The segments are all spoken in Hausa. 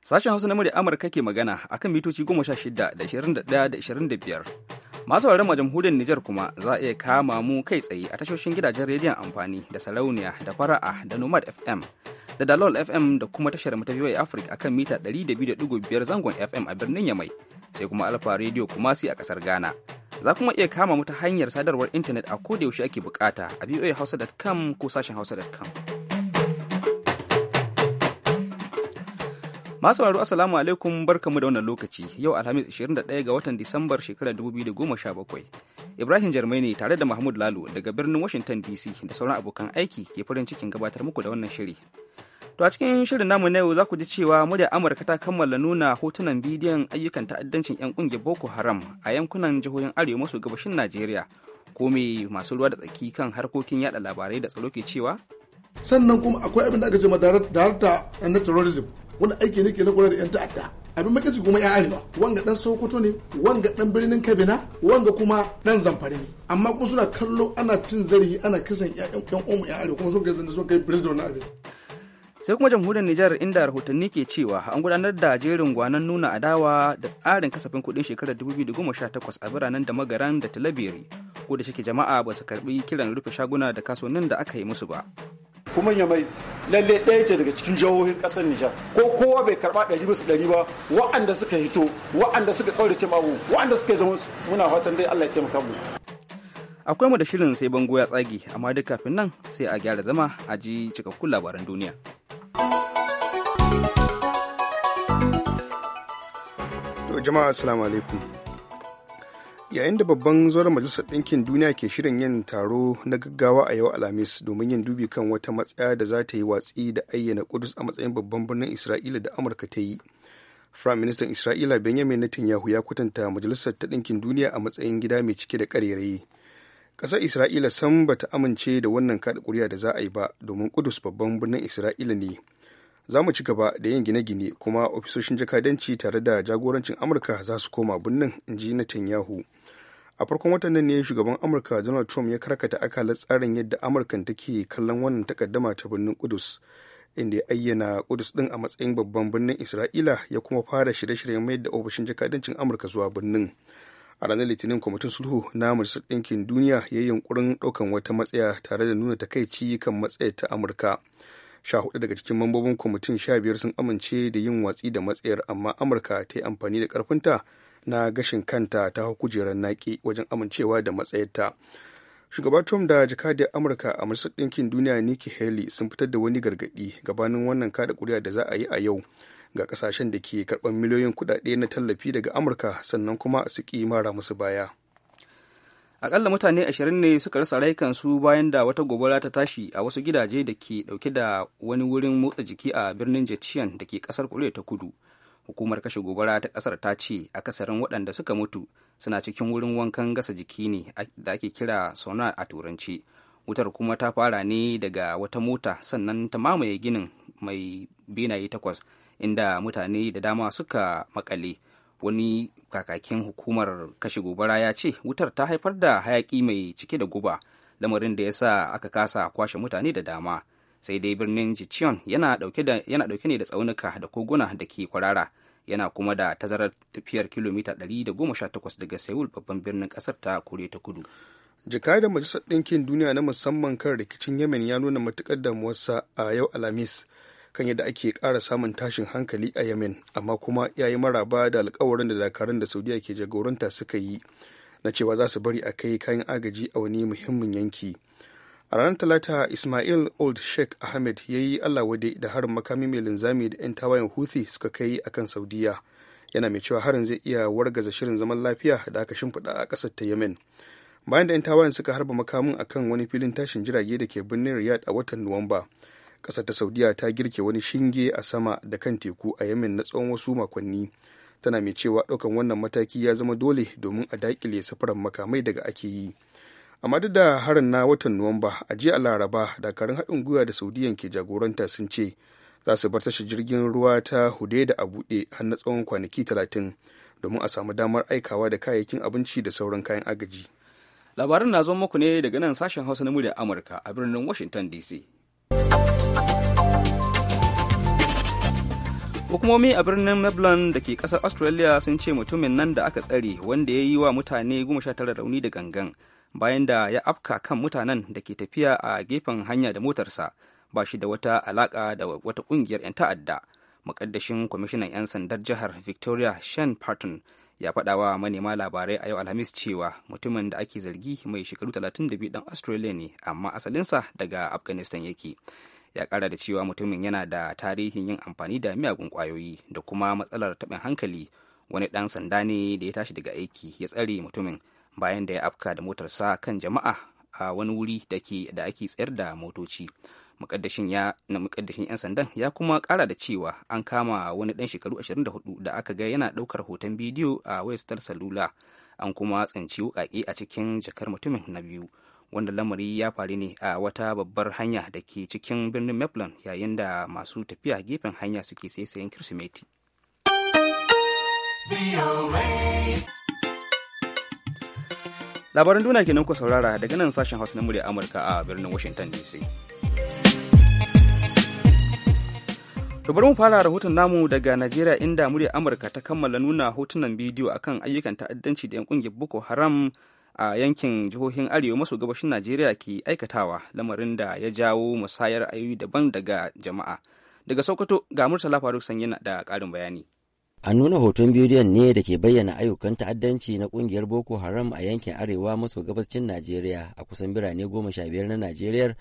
Sashen Hausa na murya Amurka ke magana akan mitoci goma sha shida da ashirin da da da biyar. masu sauraron ma hudun Nijar kuma za a iya kama mu kai tsaye a tashoshin gidajen rediyon amfani da sarauniya da fara'a da nomad fm da dalol fm da kuma tashar mu ta VOA Africa akan mita 200.5 zangon fm a birnin Yamai sai kuma alfa radio kuma sai a kasar Ghana za kuma iya kama mu ta hanyar sadarwar intanet a koda yaushe ake bukata a voahausa.com ko sashen hausa.com Masu sauraro Assalamu alaikum barkamu da wannan lokaci yau Alhamis 21 ga watan Disambar shekarar 2017. Ibrahim Jarmai ne tare da Mahmud Lalo daga birnin Washington DC da sauran abokan aiki ke farin cikin gabatar muku da wannan shiri. To a cikin shirin namu na yau za ku ji cewa murya Amurka ta kammala nuna hotunan bidiyon ayyukan ta'addancin 'yan kungiyar Boko Haram a yankunan jihohin Arewa maso gabashin Najeriya. Ko me masu ruwa da tsaki kan harkokin yada labarai da tsaro ke cewa? Sannan kuma akwai abin da aka ce ma darata na terrorism wani aiki ne ke na kwarar da 'yan ta'adda abin makaci kuma ya arewa wanga dan sokoto ne wanga dan birnin kabina wanga kuma dan zamfare ne amma kuma suna kallo ana cin zarihi ana kisan yan omu ya arewa kuma sun kai zanda sun kai birnin da abin sai kuma jamhuriyar nijar inda rahotanni ke cewa an gudanar da jerin gwanan nuna adawa da tsarin kasafin kuɗin shekarar 2018 a biranen da magaran da talabiri ko da shike jama'a ba su karbi kiran rufe shaguna da kasuwannin da aka yi musu ba kuma ya mai lalle ɗaya ce daga cikin jihohin ƙasar Nijar ko kowa bai karɓa ɗari bisa ɗari ba waɗanda suka hito wa'anda suka ƙaurace magu wa'anda suka zama muna fatan dai Allah ya taimaka mu akwai mu da shirin sai bango ya tsage amma duk kafin nan sai a gyara zama a ji cikakkun labaran duniya to jama'a assalamu alaikum yayin da babban zuwar majalisar ɗinkin duniya ke shirin yin taro na gaggawa a yau alhamis domin yin dubi kan wata matsaya da za ta yi watsi da ayyana kudus a matsayin babban birnin isra'ila da amurka ta yi firayim ministan isra'ila benjamin netanyahu ya kwatanta majalisar ta ɗinkin duniya a matsayin gida mai cike da ƙarerayi ƙasar isra'ila sam ba ta amince da wannan kaɗa ƙuri'a da za a yi ba domin kudus babban birnin isra'ila ne za mu ci gaba da yin gine-gine kuma ofisoshin jakadanci tare da jagorancin amurka za su koma birnin in ji netanyahu a farkon watan nan ne shugaban amurka donald trump ya karkata akalar tsarin yadda amurkan take kallon wannan takaddama ta birnin kudus inda ya ayyana kudus din a matsayin babban birnin isra'ila ya kuma fara shirye-shiryen mayar da ofishin jakadancin amurka zuwa birnin a ranar litinin kwamitin sulhu na majalisar ɗinkin duniya ya yi yunkurin ɗaukan wata matsaya tare da nuna takaici kan matsayar ta amurka sha hudu daga cikin mambobin kwamitin sha biyar sun amince da yin watsi da matsayar amma amurka ta yi amfani da karfinta na gashin kanta ta hau kujerar naki wajen amincewa da matsayarta shugaba trump da jakadiyar amurka a majalisar ɗinkin duniya nikki haley sun fitar da wani gargaɗi gabanin wannan kada kuri'a da za a yi a yau ga kasashen da ke karɓar miliyoyin kuɗaɗe na tallafi daga amurka sannan kuma su ƙi mara musu baya akalla mutane ashirin ne suka rasa rayukansu bayan da wata gobara ta tashi a wasu gidaje da ke ɗauke da wani wurin motsa jiki a birnin jechian da ke kasar koriya ta kudu hukumar kashe gobara ta kasar ta ce akasarin waɗanda suka mutu suna cikin wurin wankan gasa jiki ne da ake kira sonar a turanci wutar kuma ta fara ne daga wata mota sannan ta mamaye ginin mai benaye takwas inda mutane da dama suka makale wani kakakin hukumar kashe gobara ya ce wutar ta haifar da hayaki mai cike da guba lamarin da ya sa aka kasa kwashe mutane da dama sai dai birnin jichion yana ɗauke ne da tsaunuka da koguna da ke kwarara yana kuma da tazarar tafiyar kilomita 118 daga seoul babban birnin kasar ta kore ta kudu da majalisar ɗinkin duniya na musamman kan rikicin yemen ya nuna matuƙar damuwarsa a yau alhamis kan yadda ake ƙara samun tashin hankali a yemen amma kuma ya yi maraba da alkawarin da dakarun da saudiya ke jagoranta suka yi na cewa za su bari a kai kayan agaji a wani muhimmin yanki a ranar talata ismail old sheikh ahmed ya yi wade da harin makami mai linzami da 'yan tawayen houthi suka kai a kan saudiya yana mai cewa harin zai iya wargaza shirin zaman lafiya da aka shimfiɗa a ƙasar ta yemen bayan da 'yan tawayen suka harba makamin a kan wani filin tashin jirage da ke birnin riyadh a watan nuwamba ƙasar ta saudiya ta girke wani shinge a sama da kan teku a yemen na tsawon wasu makonni tana mai cewa ɗaukan wannan mataki ya zama dole domin a daƙile safaran makamai daga ake yi amma duk da harin na watan nuwamba a jiya laraba dakarun haɗin gwiwa da saudiyan ke jagoranta sun ce za su bar tashi jirgin ruwa ta hude da a buɗe har na tsawon kwanaki talatin domin a samu damar aikawa da kayayyakin abinci da sauran kayan agaji labarin na zo muku ne daga nan sashen hausa na muryar amurka a birnin washington dc hukumomi a birnin melbourne da ke kasar australia sun ce mutumin nan da aka tsare wanda ya yi wa mutane goma sha tara rauni da gangan bayan da ya afka kan mutanen da ke tafiya a gefen hanya da motarsa ba shi da wata alaka da wata kungiyar 'yan ta'adda makaddashin kwamishinan 'yan sandar jihar victoria shan parton ya faɗa manema labarai a yau alhamis cewa mutumin da ake zargi mai shekaru 32 ɗan australia ne amma asalinsa daga afghanistan yake ya ƙara da cewa mutumin yana da tarihin yin amfani da miyagun ƙwayoyi da kuma matsalar taɓin hankali wani ɗan sanda ne da ya tashi daga aiki ya tsare mutumin bayan da ya afka da motarsa kan jama'a a wani wuri da ake tsayar da motoci mukaddashin 'yan sandan ya kuma kara da cewa an kama wani ɗan shekaru 24 da aka ga yana ɗaukar hoton bidiyo a wayar salula an kuma tsanci wukake a cikin jakar mutumin na biyu wanda lamari ya faru ne a wata babbar hanya da ke cikin birnin Mapleton yayin da masu tafiya gefen hanya suke sai sayan kirsimeti. labaran duniya kenan ku saurara daga nan sashen hausa na murya amurka a birnin washington dc to bari mu fara rahoton namu daga najeriya inda murya amurka ta kammala nuna hotunan bidiyo akan ayyukan ta'addanci da 'yan kungiyar boko haram a yankin jihohin arewa maso gabashin najeriya ke aikatawa lamarin da ya jawo musayar ayoyi daban daga jama'a daga sokoto ga murtala faruk sanyi da ƙarin bayani a nuna hoton bidiyon ne da ke bayyana ayyukan ta'addanci na kungiyar Boko Haram a yankin arewa maso gabashin Najeriya a kusan birane goma sha biyar na Najeriya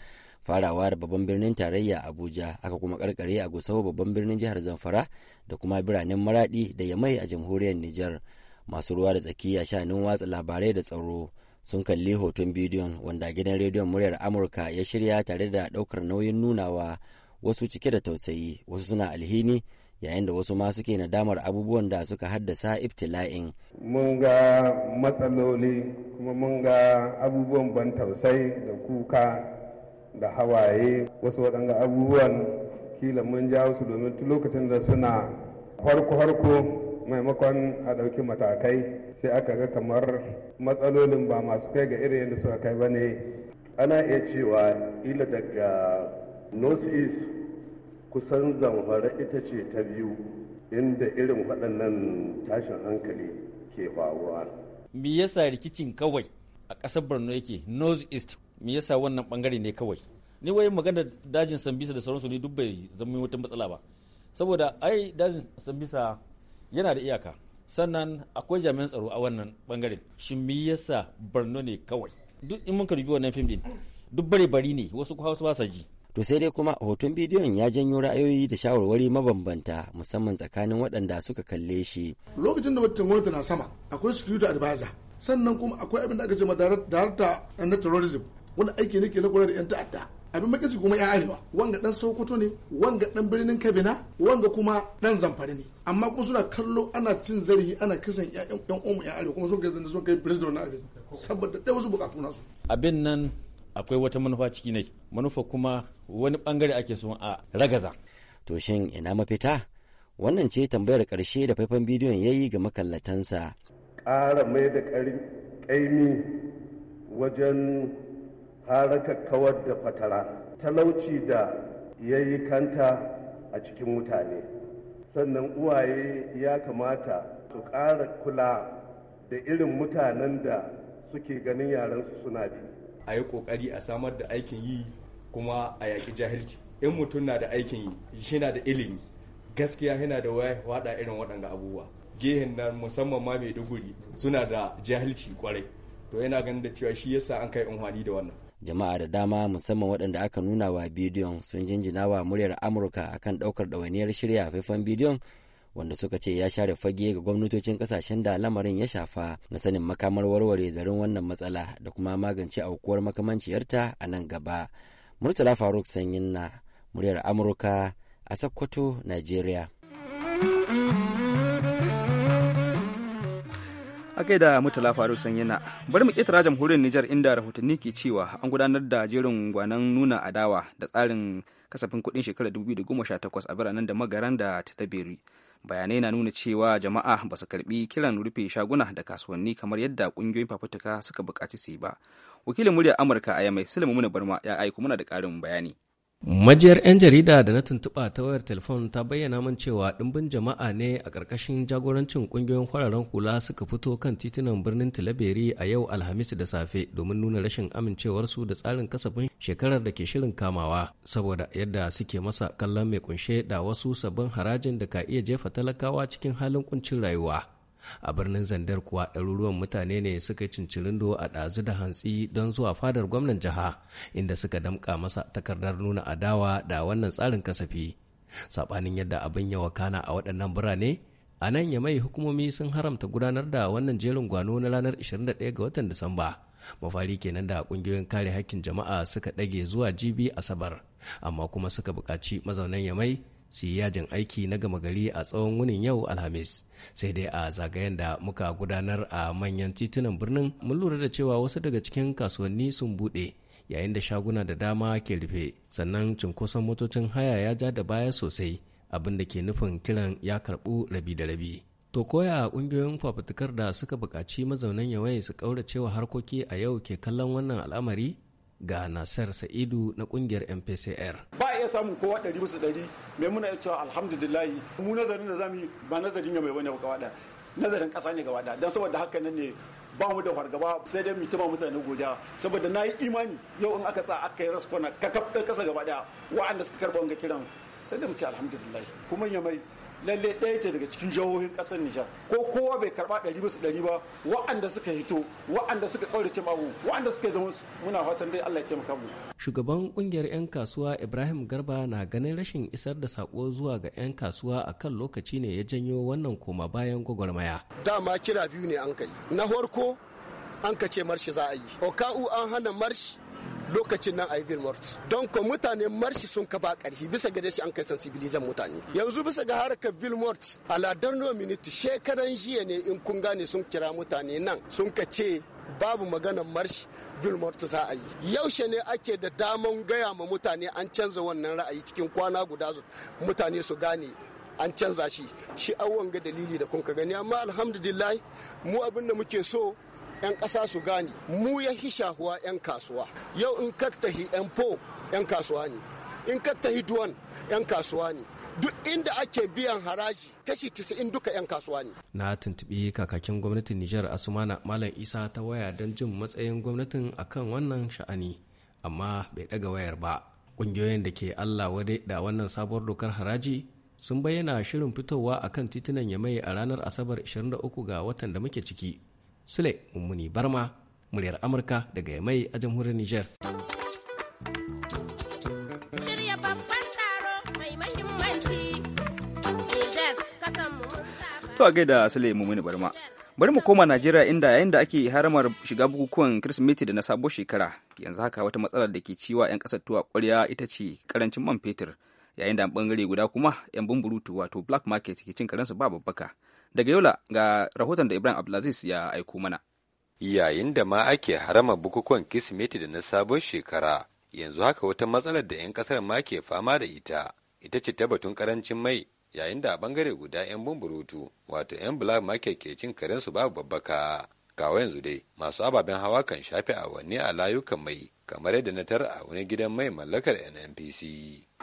farawa da babban birnin tarayya Abuja aka kuma karkare a Gusau babban birnin jihar Zamfara da kuma biranen Maradi da Yamai a jamhuriyar Nijar. Masu ruwa da tsakiya shanin watsa labarai da tsaro sun kalli hoton bidiyon wanda gidan rediyon muryar Amurka ya shirya tare da ɗaukar nauyin nunawa wasu cike da tausayi wasu suna alhini yayin da wasu ma suke nadamar abubuwan da suka haddasa ibtila'in. Mun ga matsaloli kuma mun ga abubuwan ban tausai da kuka da hawaye wasu waɗanga abubuwan kila mun ja su domin tun lokacin da suna harko-harko maimakon a ɗauki matakai sai aka ga kamar matsalolin ba masu kai ga irin yadda suka kai ba ne ana iya cewa ila daga north kusan zamfara ita ce ta biyu inda irin waɗannan tashin hankali ke faruwa. Me yasa rikicin kawai a ƙasar Borno yake North East me yasa wannan ɓangare ne kawai? Ni wai magana dajin Sambisa da sauransu ne duk bai zama wata matsala ba. Saboda ai dajin Sambisa yana da iyaka. Sannan akwai jami'an tsaro a wannan bangare Shi me yasa Borno ne kawai? Duk in mun ka wannan fim din duk bare bari ne wasu hausa ba sa ji. To sai dai kuma hoton bidiyon ya janyo ra'ayoyi da shawarwari mabambanta musamman tsakanin waɗanda suka kalle shi. Lokacin da wata gwamnati na sama akwai security advisor sannan kuma akwai abin da aka ce ma darata na terrorism wani aiki ne ke na kula da 'yan ta'adda. Abin makinci kuma ya arewa wanga dan Sokoto ne wanga dan birnin Kabina wanga kuma dan Zamfara ne amma kuma suna kallo ana cin zarihi ana kisan 'yan uwan ya arewa kuma sun kai zan sun kai president na abin saboda ɗaya wasu bukatu nasu. Abin nan akwai wata manufa ciki ne manufa kuma wani bangare ake so a ragaza to shin ina mafita wannan ce tambayar karshe da faifan bidiyon ya yi ga makallatansa ƙara mai da ƙaimi wajen haraka kawar da fatara talauci da ya yi kanta a cikin mutane sannan uwaye ya kamata su ƙara kula da irin mutanen da suke ganin yaransu suna bi a yi kokari a samar da aikin yi kuma a yaƙi jahilci in mutum na da aikin yi shi na da ilimi gaskiya yana da wada irin waɗanga abubuwa gehen nan musamman ma maiduguri suna da jahilci kwarai to yana ganin da cewa shi yasa an kai unhwani da wannan jama'a da dama musamman waɗanda aka nuna wa bidiyon sun jinjina wa muryar amurka akan ɗaukar ɗawainiyar shirya faifan bidiyon wanda suka ce ya share fage ga gwamnatocin kasashen da lamarin ya shafa na sanin makamar warware zarin wannan matsala da kuma magance aukuwar makamanciyarta a nan gaba murtala faruk sanyin na muryar amurka a sokoto nigeria a kai da mutala faruk sanyina bari mu ketara jamhuriyar nijar inda rahotanni ke cewa an gudanar da jerin gwanon nuna adawa da tsarin kasafin kudin shekarar 2018 a biranen da magaran da ta tabiri bayanai na nuna cewa jama'a ba su karbi kiran rufe shaguna da kasuwanni kamar yadda kungiyoyin fafutuka suka bukaci su yi ba wakilin muryar amurka a yamai sulaimu muna barma ya aiko muna da karin bayani Majiyar 'yan jarida da na tuntuɓa ta wayar telefon ta bayyana min cewa ɗimbin jama'a ne a ƙarƙashin jagorancin ƙungiyoyin kwararen hula suka fito kan titunan birnin talaberi a yau Alhamis da safe domin nuna rashin amincewarsu da tsarin kasafin shekarar da ke shirin kamawa saboda yadda suke masa kallon mai kunshe da wasu sabbin harajin da ka iya jefa talakawa cikin halin kuncin rayuwa. a birnin zandar kuwa ɗaruruwan mutane ne suka cincirin do a ɗazu da hantsi don zuwa fadar gwamnan jiha inda suka damƙa masa takardar nuna adawa da wannan tsarin kasafi saɓanin yadda abin ya wakana a waɗannan birane a nan ya mai hukumomi sun haramta gudanar da wannan jerin gwano na ranar 21 ga watan disamba mafari kenan da ƙungiyoyin kare haƙƙin jama'a suka ɗage zuwa jibi asabar amma kuma suka buƙaci mazaunan mai. su yi yajin aiki na gama gari a tsawon wunin yau alhamis sai dai a zagayen da muka gudanar a manyan titunan birnin mun lura da cewa wasu daga cikin kasuwanni sun bude yayin da shaguna da dama ke rufe sannan cunkoson motocin haya ya ja da baya sosai abin da ke nufin kiran ya karbu rabi da rabi to koya ƙungiyoyin fafutukar da suka buƙaci mazaunan yawai su ƙauracewa harkoki a yau ke kallon wannan al'amari ga nasar sa'idu na ƙungiyar mpcr samun kowa ɗari bisa ɗari mai muna cewa alhamdulillahi mu nazarin da zamu ba nazarin ya mai wani gaba da nazarin ƙasa ne gaba da don saboda haka nan ne ba mu da fargaba sai dai mu mutane godiya saboda na yi imani yau in aka sa aka yi raskwana kakaf ƙasa gaba da wa'anda suka karɓa wanga kiran sai da mu ce alhamdulillahi kuma ya mai Lallai ɗaya ce daga cikin jihohin ƙasar Nijar ko kowa bai karɓa ɗari bisa ɗari ba wa'anda suka hito wa'anda suka ƙaurace magu wa'anda suka zama muna fatan dai Allah ya taimaka mu. Shugaban ƙungiyar 'yan kasuwa Ibrahim Garba na ganin rashin isar da sako zuwa ga 'yan kasuwa a kan lokaci ne ya janyo wannan koma bayan gwagwarmaya. Dama kira biyu ne an kai. Na farko an kace marshi za a yi. Oka'u an hana marshi lokacin nan a yi mort don ko mutane marshi sun ka ba karfi bisa ga shi an kai sensibilizan mutane yanzu bisa ga harkar vilmort mort a ladar miniti shekaran jiya ne in kun gane sun kira mutane nan sun ka ce babu maganar marshi vilmort za a yi yaushe ne ake da daman gaya ma mutane an canza wannan ra'ayi cikin kwana guda mutane su gane an canza shi shi awon ga dalili da kun ka gani amma alhamdulillah mu abin da muke so 'yan ƙasa su gane mu ya shahuwa 'yan kasuwa yau in ka 'yan po 'yan kasuwa ne in ka tahi duwan 'yan kasuwa ne duk inda ake biyan haraji kashi tisa'in duka 'yan kasuwa ne. Na tuntubi kakakin gwamnatin Nijar Asumana Malam Isa ta waya don jin matsayin gwamnatin akan wannan sha'ani, amma bai ɗaga wayar ba. Ƙungiyoyin da ke Allah wadai da wannan sabuwar dokar haraji sun bayyana shirin fitowa akan titunan Yamai a ranar Asabar 23 ga watan da muke ciki. Sule Mummuni Barma, muryar Amurka daga Yamai a jamhuriyar Nijar. To a gaida Sule Mummuni Barma. Bari mu koma Najeriya inda yayin da ake haramar shiga bukukuwan Kirsimeti da na sabo shekara, yanzu haka wata matsalar da ke ciwa 'yan ƙasar tuwa ƙwarya ita ce karancin man fetur, yayin da bangare guda kuma 'yan bumburutu wato black market ke cin karansu ba babbaka. Daga Yola ga rahoton da Ibrahim Abdulaziz ya aiko mana. Yayin da ma ake harama bukukuwan Kirsimeti da na sabon shekara, yanzu haka wata matsalar da 'yan kasar ma ke fama da ita, ita ce tabbatun karancin mai yayin da a bangare guda 'yan bumburutu wato 'yan black market ke cin karensu babu babbaka kawo yanzu dai masu ababen hawa kan shafe awanni a layukan mai kamar yadda na tara a wani gidan mai mallakar nnpc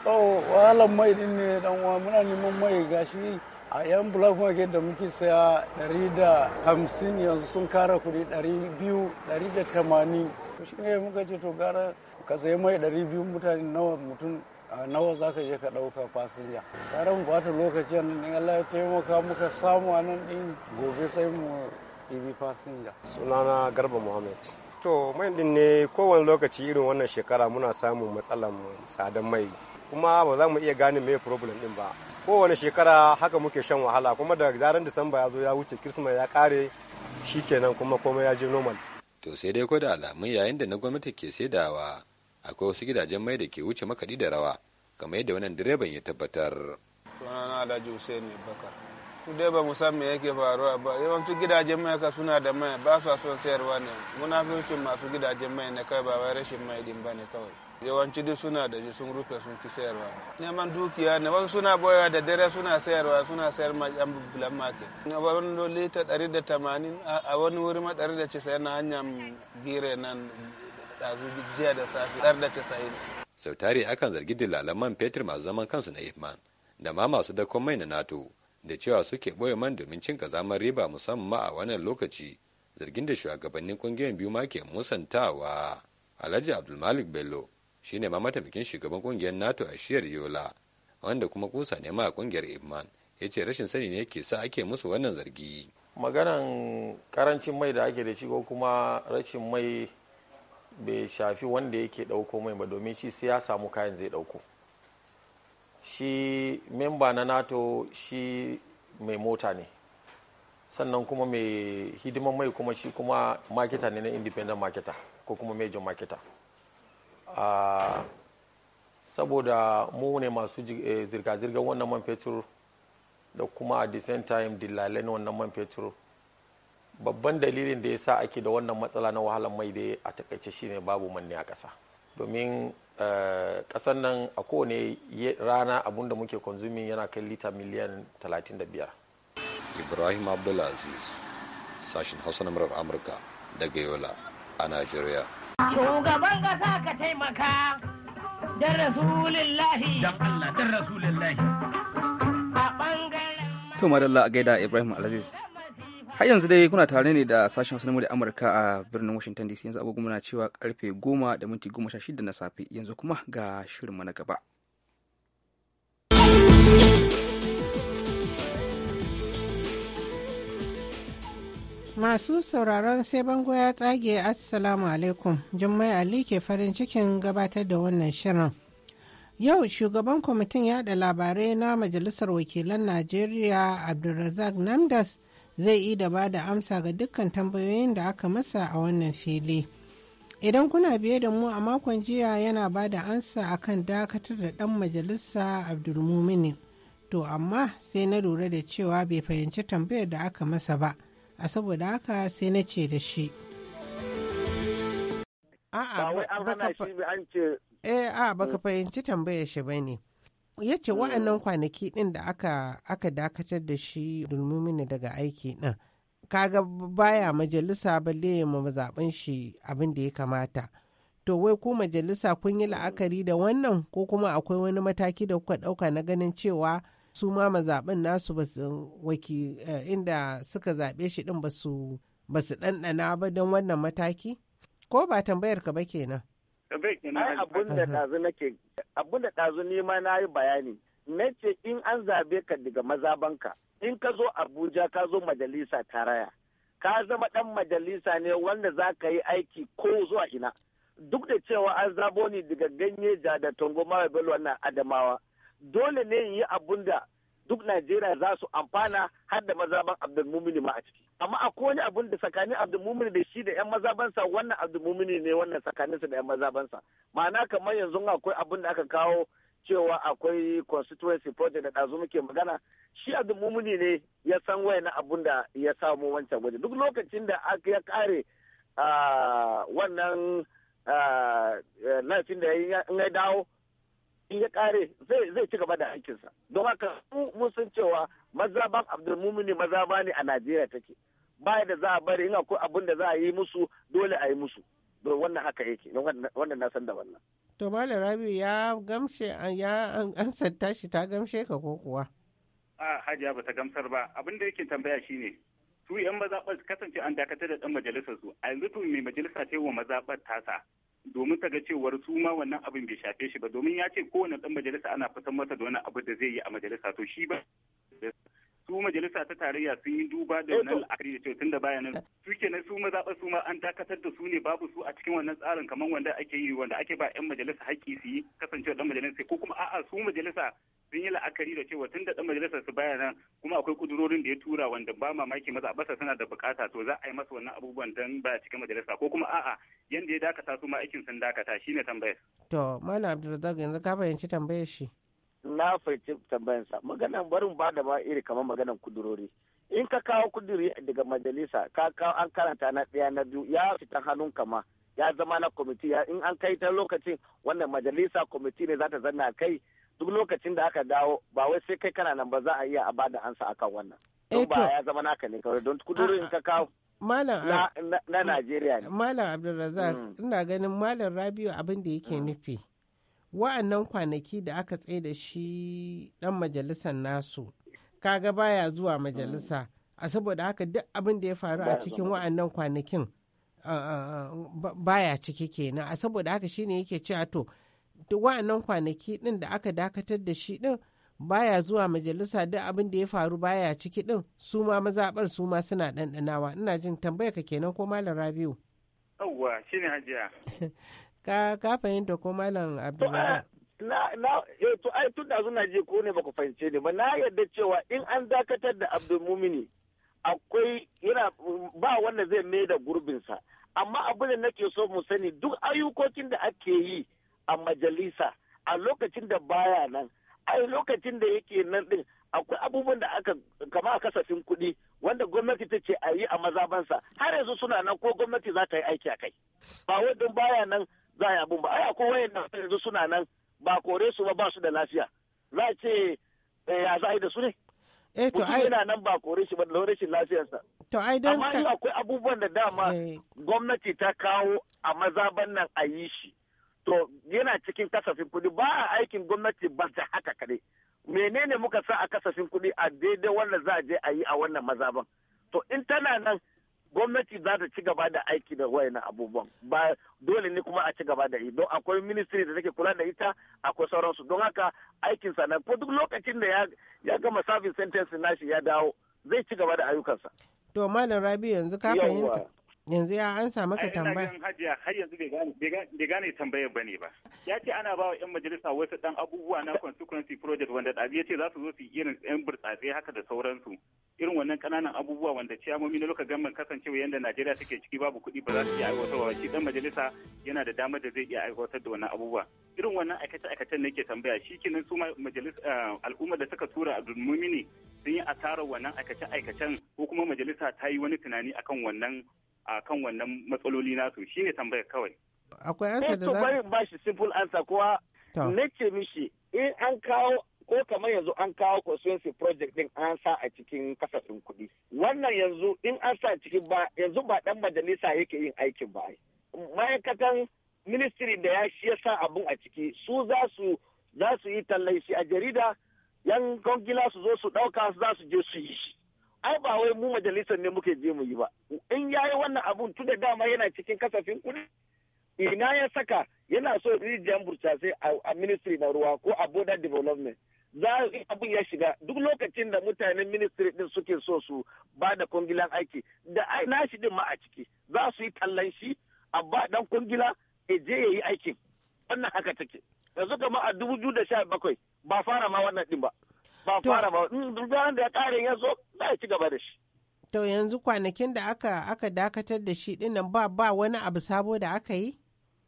oh wahalar mai din ne dan wa muna neman mai gashi a yan black market da muke saya 150 yanzu sun kara kudi 200 180 shi ne muka ce to gara ka sayi mai 200 mutane nawa mutum nawa za ka je ka ɗauka fasinja gara mu bata lokaci nan in Allah ya taimaka muka samu a nan ɗin gobe sai mu ibi fasinja sunana garba muhammad to mai din ne kowane lokaci irin wannan shekara muna samun matsalar tsadan mai kuma ba za mu iya gane mai problem din ba kowane shekara haka muke shan wahala kuma daga zaran disamba ya zo ya wuce kirisma ya kare shikenan kuma komai ya je normal to sai dai ko da alamun yayin da na gwamnati ke saidawa akwai wasu gidajen mai da ke wuce makaɗi da rawa kamar yadda wannan direban ya tabbatar sunana alhaji hussein ne bakar dai ba mu san me yake faruwa ba yawanci gidajen mai ka suna da mai ba su son sayarwa ne munafincin masu gidajen mai na kai ba wai rashin mai din ba ne kawai yawanci duk suna da shi sun rufe sun ki sayarwa neman dukiya ne wasu suna boya da dare suna sayarwa suna sayar ma yan bulan market a wani loli ta tamanin a wani wuri ma 190 na hanyar gire nan ɗazu jiya da safe 190 sau tare akan zargi dillalan man fetur masu zaman kansu na ifman da ma masu dakon mai na nato da cewa suke boye man domin cin kazamar riba musamman a wannan lokaci zargin da shugabannin ƙungiyar biyu ma ke musantawa alhaji abdulmalik bello shine ma mataimakin shugaban kungiyar nato a shiyar yola wanda kuma kusa ne ma kungiyar iman ya ce rashin sani ne ke sa ake musu wannan zargi maganan karancin mai da ake da shi ko kuma rashin mai bai shafi wanda yake ɗauko mai ba domin shi sai ya samu kayan zai ɗauko shi memba na nato shi mai mota ne sannan kuma mai hidiman mai kuma shi kuma maketa ne na independent maketa ko kuma major maketa saboda mu ne masu eh, zirga-zirgar wannan man fetur da kuma a the same time dillalai wannan man fetur babban dalilin da ya sa ake da wannan matsala na wahalar mai da a takaice shine babu manne a ƙasa domin eh, ƙasar nan a kowane rana abinda muke konzumin yana kai lita miliyan 35 ibrahim abdulaziz sashen hausa na murar amurka daga yola a nigeria. Shugaban ƙasa ka taimaka da Rasulillahi. Allah, Rasulillahi. A gaida Ibrahim Alaziz. har yanzu dai kuna tare ne da sashen wasu na da amurka a birnin washington dc yanzu abubuwan cewa karfe goma da minti goma sha shida na safe yanzu kuma ga shirin na gaba Masu sauraron sai bango ya tsage Assalamu alaikum, Jummai Ali ke farin cikin gabatar da wannan shirin. Yau shugaban kwamitin yada labarai na Majalisar Wakilan Najeriya Abdulrazak Namdas zai yi da ba da amsa ga dukkan tambayoyin da aka masa a wannan fili. Idan kuna biye da mu a makon jiya yana ba da ansa kan dakatar da ɗan majalisa Abdulmumini. To amma sai na lura da cewa bai fahimci tambayar da aka masa ba. a saboda haka sai na ce da shi a'a ba eh, mm. baka fahimci tambayar shi bane ya ce mm. wa'annan kwanaki ɗin da aka dakatar da shi mini daga aiki din kaga baya majalisa balle ma zaben shi abin da ya kamata to wai ko majalisa kun yi la'akari da wannan ko kuma akwai wani mataki da kuka ɗauka na ganin cewa su ma mazaɓin nasu ba su waki eh, inda suka zaɓe shi ɗin ba su ɗanɗana ba don wannan mataki? Ko ba tambayar ka ba kenan? Abin da ɗazu ni ma da na yi bayani, na ce in an zabe ka daga mazabanka, in ka zo Abuja ka zo majalisa taraya, ka zama ɗan majalisa ne wanda za ka yi aiki ko zuwa ina. Duk da cewa an zabo ni daga ganye da tongo mara bello wannan adamawa, dole ne yi abun da duk Najeriya za su amfana har da mazaban Abdulmumini ma a ciki. Amma a wani abun da tsakanin Abdulmumini da shi da 'yan mazabansa wannan Abdulmumini ne wannan tsakaninsa da 'yan mazabansa. Ma'ana kamar yanzu akwai abun da aka kawo cewa akwai constituency project da ɗazu muke magana shi Abdulmumini ne ya san na abun da ya samu wancan waje. Duk lokacin da ya kare ah, wannan cin ah, eh, da ya dawo in ya kare zai ci gaba da aikinsa don haka mun san cewa mazaban abdulmumini mazaba ne a najeriya take baya da za a bari in akwai abin da za a yi musu dole a yi musu don wannan haka yake wannan na san da wannan to malam rabi ya gamshe ya an santa shi ta gamshe ka ko kuwa a hajiya ba ta gamsar ba abin da yake tambaya shine su yan mazaɓar kasance an dakatar da ɗan majalisar su a yanzu mai majalisa ce wa mazaɓar tasa domin ta ga cewar su ma wannan abin bai shafe shi ba domin ya ce kowane dan majalisa ana fitan masa da wani abu da zai yi a majalisa to shi ba su majalisa ta tarayya sun yi duba da eh, wannan la'akari da cewa tun da nan su su mazaɓa su ma an dakatar da su ne babu su a cikin wannan tsarin kamar wanda ake yi wanda ake ba 'yan majalisa haƙƙi su yi kasancewa ɗan majalisa ko kuma a'a su majalisa sun yi la'akari da cewa tun da ɗan majalisa su baya kuma akwai kudurorin da ya tura wanda ba mamaki mazaɓarsa suna da bukata to za a yi masa wannan abubuwan don ba cikin majalisa ko kuma a'a yanda ya dakata su ma aikin sun dakata shine tambayar. to malam abdulrazak yanzu ka fahimci tambayar shi. na fahimci sa maganan barin ba da ba iri kamar maganan kudurori in ka kawo kuduri daga majalisa ka kawo an karanta na ɗaya na biyu ya fita hannun kama ya zama na kwamiti in an kai ta lokacin wannan majalisa kwamiti ne za ta zanna kai duk lokacin da aka dawo ba wai sai kai kana nan ba za a iya a bada ansa akan wannan eh, don ba ya zama naka ne kawai don in ka kawo na Najeriya ne. Malam Abdulrazak, mm. ina ganin Malam Rabiu abin da yake mm. nufi. wa'annan kwanaki da aka tsaye da shi dan majalisar nasu kaga baya zuwa majalisa a saboda haka duk abin da ya faru a cikin wa'annan kwanakin baya ciki kenan a saboda haka shine yake cewa to wa'annan kwanaki din da aka dakatar da shi din baya zuwa majalisa duk abin da ya faru baya ciki din su ma mazaɓar su ma suna dandanawa ina jin tambayarka ka kenan ko malam rabiu yawwa shine hajiya ka ka fahimta ko malam abdullahi na na eh, tun da zuna je ko ne baka fahimce ni ba na yarda cewa in an dakatar da mumini akwai yana ba wanda zai mai da sa amma abin da nake so mu sani duk ayyukokin da ake yi a majalisa a lokacin da baya nan a lokacin da yake nan din akwai abubuwan da aka kama a kasafin kuɗi wanda gwamnati ta ce a yi a mazabansa har yanzu suna nan ko gwamnati za ta yi aiki a kai ba wadda baya nan za a yi abin ba ai akwai wayanda yanzu suna nan ba kore su ba ba su da lafiya za a ce eh, ya za a yi da su ne eh to ai yana nan ba kore shi ba da rashin lafiyarsa to ai dan amma akwai abubuwan da dama eh. gwamnati ta kawo a mazaban nan a yi shi to yana cikin kasafin kuɗi ba a aikin gwamnati ba ta haka kaɗai. menene muka sa a kasafin kuɗi a daidai wanda za a je a yi a wannan maza ban? to in tana nan gwamnati za ta ci gaba da aiki da wayannan abubuwan ba dole ne kuma a ci gaba da yi don akwai ministry da take kula da ita akwai sauransu don haka aikin sa ko duk lokacin da ya gama service sentence nashi ya dawo zai ci gaba da ayyukansa to malam rabi yanzu ka fahimta yanzu ya ansa maka tambaya ina hajiya har yanzu bai gane tambayar bane ba ya ce ana bawa yan majalisa wasu dan abubuwa na constituency project wanda ɗabi ya ce za su zo su irin yan burtsatse haka da sauransu irin wannan kananan abubuwa wanda ciyamomi na luka gamban kasancewa yadda najeriya take ciki babu kuɗi ba za su iya aiwatarwa shi dan majalisa yana da damar da zai iya aiwatar da wannan abubuwa irin wannan aikace aikacen nake tambaya shi kenan su majalisa eh, al'umma da suka tura mumini sun yi asarar wannan aikace aikacen ko kuma majalisa ta yi wani tunani akan wannan a kan wannan matsaloli nasu shi ne tambaya kawai. Akwai eh, ansa da za? ba shi simple answer kuwa na ce mishi in an kawo ko kamar yanzu an kawo constituency project din an sa a cikin kasafin kuɗi. Wannan yanzu in an sa cikin ba yanzu ba ɗan majalisa yake yin aikin ba. Ma'aikatan ministry da ya shi ya sa abun a ciki su za su za su yi tallai a jarida yan gongila su zo su ɗauka su za su je su yi shi. ai ba wai mu majalisar ne muke je mu yi ba in yi wannan abun tun da dama yana cikin kasafin kuɗi ina ya saka yana so rijiyar burtsatse a ministry na ruwa ko a border development za abun ya shiga duk lokacin da mutanen ministry din suke so su ba da kungilan aiki da ai nashi din ma a ciki za su yi tallan shi a ba dan kungila e je ya yi aikin wannan haka take yanzu kama a dubu da sha bakwai ba fara ma wannan din ba ba fara ba ranar da ya kare ya zo za ya ci gaba da shi to yanzu kwanakin da aka aka dakatar da shi dinnan ba ba wani abu sabo da aka yi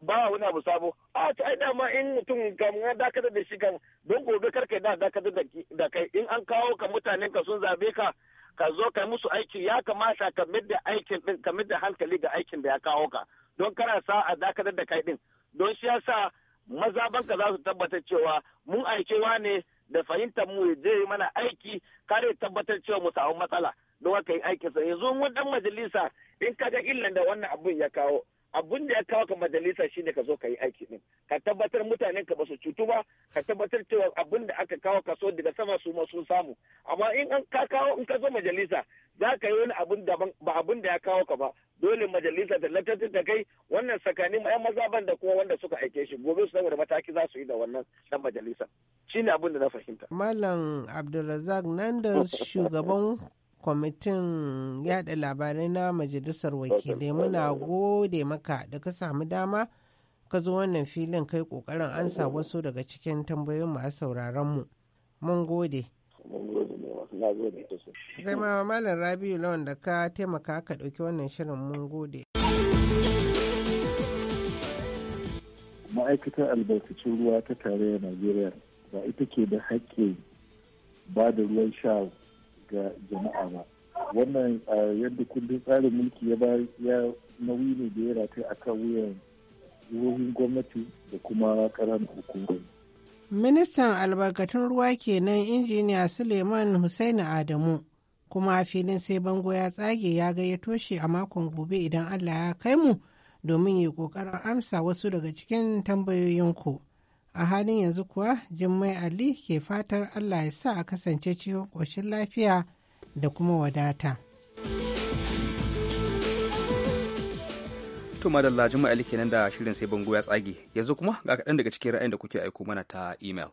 ba wani abu sabo a ta ai dama in mutum kam ya dakatar da shi kan don gobe karka da dakatar da kai in an kawo ka mutanen ka sun zabe ka ka zo kai musu aiki ya kamata ka da aikin din ka da hankali ga aikin da ya kawo ka don kana sa a dakatar da kai din don shi yasa mazaban ka za su tabbatar cewa mun aikewa ne da fahimtar mu ya je mana aiki kare tabbatar cewa mu samu matsala don haka yi aikinsa yanzu wani dan majalisa in kaga illan da wannan abun ya kawo abin da ya kawo ka majalisa shine ka zo ka yi aiki din ka tabbatar mutanen ka basu cutu ba ka tabbatar cewa abin da aka kawo ka so daga sama su ma sun samu amma in an ka kawo in ka zo majalisa za ka yi wani abin daban ba abin da ya kawo ka ba dole majalisa da lantarki ta kai wannan tsakanin yan ban da kuma wanda suka aike shi gobe su saboda mataki za su yi da wannan dan majalisa shine abin da na fahimta malam abdulrazak da shugaban kwamitin yada labarai na majalisar wakilai muna gode maka da ka samu dama ka zo wannan filin kai kokarin ansa wasu daga cikin tambayoyin masu sauraron mu mun gode ma malam rabiu lawan da ka taimaka ka ɗauki wannan shirin mun gode ma'aikatar albarkacin ruwa ta tarayyar najeriya ba ita ke da haƙƙin ba da ruwan sha ga jama'a ba wannan yadda kundin tsarin mulki ya ba ya nauyi ne da ya rataye a kan wuyan jihohin gwamnati da kuma karan hukumomi. ministan albarkatun ruwa kenan injiniya suleiman Hussaini adamu kuma a filin sai bango ya tsage ya ga ya toshe a makon gobe idan allah ya kai mu domin yi kokarin amsa wasu daga cikin tambayoyinku. a halin yanzu kuwa jummai ali ke fatar allah ya sa a kasance cikin ƙoshin lafiya da kuma wadata to madalla jummai ali kenan da shirin sai bango ya tsage yanzu kuma ga kaɗan daga cikin ra'ayin da kuke aiko mana ta imel.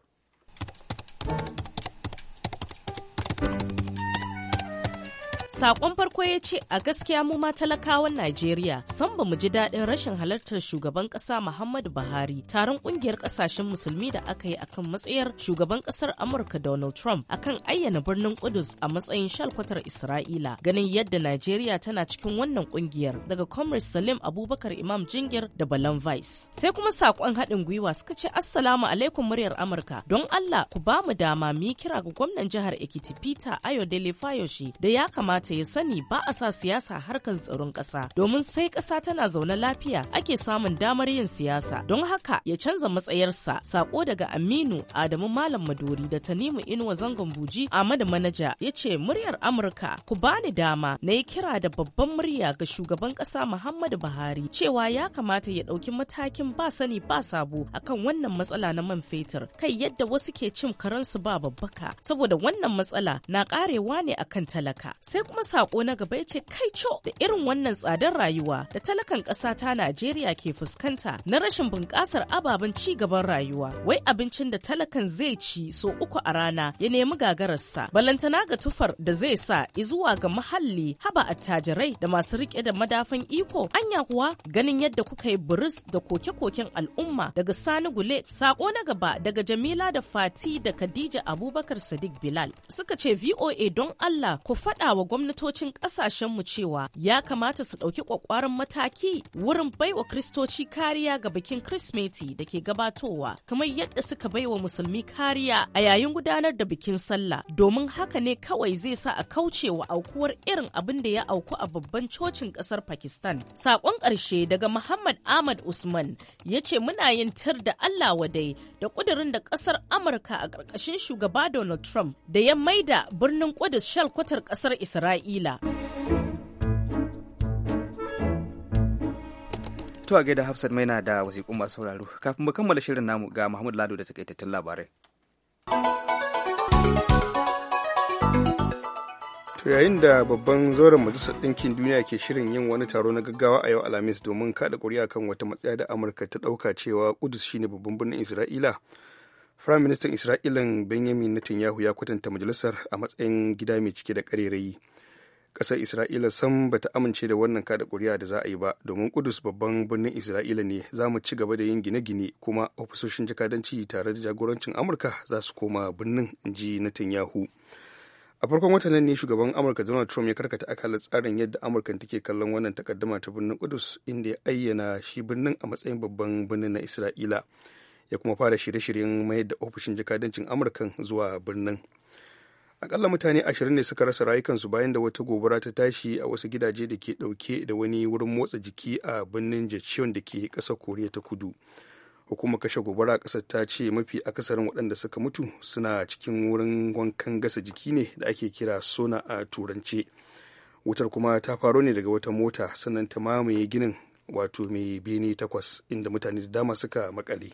Sakon farko ya ce a gaskiya mu ma talakawan Najeriya san ba mu ji daɗin rashin halartar shugaban ƙasa Muhammadu Buhari taron ƙungiyar ƙasashen musulmi da aka yi akan matsayar shugaban ƙasar Amurka Donald Trump akan ayyana birnin Kudus a matsayin shalkwatar Isra'ila ganin yadda Najeriya tana cikin wannan ƙungiyar daga Comrade Salim Abubakar Imam Jingir da Balan Vice. Sai kuma sakon haɗin gwiwa suka ce Assalamu alaikum muryar Amurka don Allah ku ba mu dama mu kira ga gwamnan jihar Ekiti Peter Ayodele Fayoshi da ya kamata kamata ya sani ba a sa siyasa harkar tsaron ƙasa domin sai ƙasa tana zaune lafiya ake samun damar yin siyasa don haka ya canza matsayarsa sako daga Aminu Adamu Malam Maduri da Tanimu Inuwa Zangon Buji Amadu, Manaja ya ce muryar Amurka ku bani dama na yi kira da babban murya ga shugaban ƙasa Muhammadu Buhari cewa ya kamata ya ɗauki matakin ba sani ba sabo akan wannan matsala na man fetur kai yadda wasu ke cin karansu ba babbaka saboda wannan matsala na ƙarewa ne akan talaka sai kuma sako na gaba ce kai co da irin wannan tsadar rayuwa da talakan ƙasa ta Najeriya ke fuskanta na rashin bunƙasar ababen ci gaban rayuwa. Wai abincin da talakan zai ci so uku a rana ya nemi gagararsa. Balantana ga tufar da zai sa izuwa ga muhalli haba attajirai da masu riƙe da madafan iko. Anya kuwa ganin yadda kuka yi buris da koke-koken al'umma daga Sani Gule sako na gaba daga Jamila da Fati da Khadija Abubakar Sadiq Bilal suka ce VOA don Allah ku faɗa wa gwamnati gwamnatocin mu cewa ya kamata su ɗauki ƙwaƙwaran mataki wurin baiwa Kristoci kariya ga bikin Kirsimeti da ke gabatowa kamar yadda suka baiwa musulmi kariya a yayin gudanar da bikin sallah domin haka ne kawai zai sa a kauce wa aukuwar irin abin da ya auku a babban cocin ƙasar Pakistan. Saƙon ƙarshe daga Muhammad Ahmad Usman ya ce muna yin tir da Allah wadai da ƙudurin da ƙasar Amurka a ƙarƙashin shugaba Donald Trump da ya maida birnin Ƙudus shalkwatar ƙasar Isra'ila. Isra'ila. To a gaida Hafsat mai na da wasiƙun masu sauraro. Kafin mu kammala shirin namu ga Muhammad Lado da takaitattun labarai. To yayin da babban zauren majalisar ɗinkin duniya ke shirin yin wani taro na gaggawa a yau Alhamis domin kaɗa ƙuri'a kan wata matsaya da Amurka ta ɗauka cewa Kudus shine babban birnin Isra'ila. Firayim Ministan Isra'ilan Benjamin Netanyahu ya kwatanta majalisar a matsayin gida mai cike da ƙarerayi. kasar isra'ila sam bata amince da wannan kada kuri'a da za a yi ba domin kudus babban birnin isra'ila ne za mu ci gaba da yin gine-gine kuma ofisoshin jakadanci tare da jagorancin amurka za su koma birnin ji netanyahu a farkon watan nan ne shugaban amurka donald trump ya karkata akalar tsarin yadda amurka take kallon wannan takaddama ta birnin kudus inda ya ayyana shi birnin a matsayin babban birnin na isra'ila ya kuma fara shirye-shiryen mayar da ofishin jakadancin amurkan zuwa birnin akalla mutane ashirin ne suka rasa rayukansu bayan da wata gobara ta tashi a wasu gidaje da ke dauke da wani wurin motsa jiki a birnin jecheon da ke kasar koriya ta kudu hukumar kashe gobara a kasar ta ce mafi akasarin waɗanda suka mutu suna cikin wurin wankan gasa jiki ne da ake kira sona a turance wutar kuma ta faro ne daga wata mota sannan ta mamaye ginin wato mai bene takwas inda mutane da dama suka makale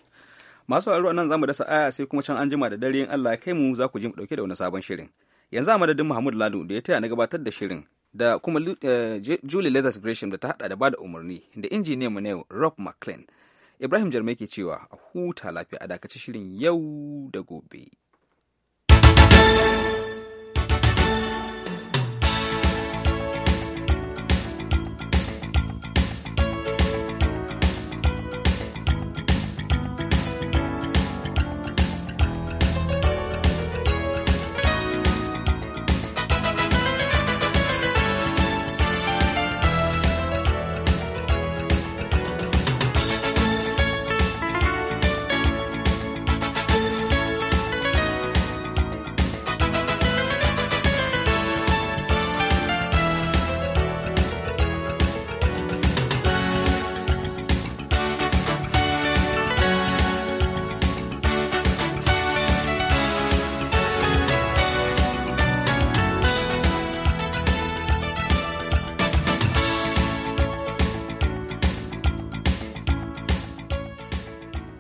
masu sauraro nan zamu dasa aya sai kuma can anjima da dare in Allah ya kai mu za ku ji mu dauke da wani sabon shirin yanzu a madadin Muhammad ladu da ya taya na gabatar da shirin da kuma eh, Julie Leathers Gresham da ta hada da bada umarni da injiniyan mu ne Rob McLean Ibrahim Jarmai ke cewa a huta lafiya a dakaci shirin yau da gobe.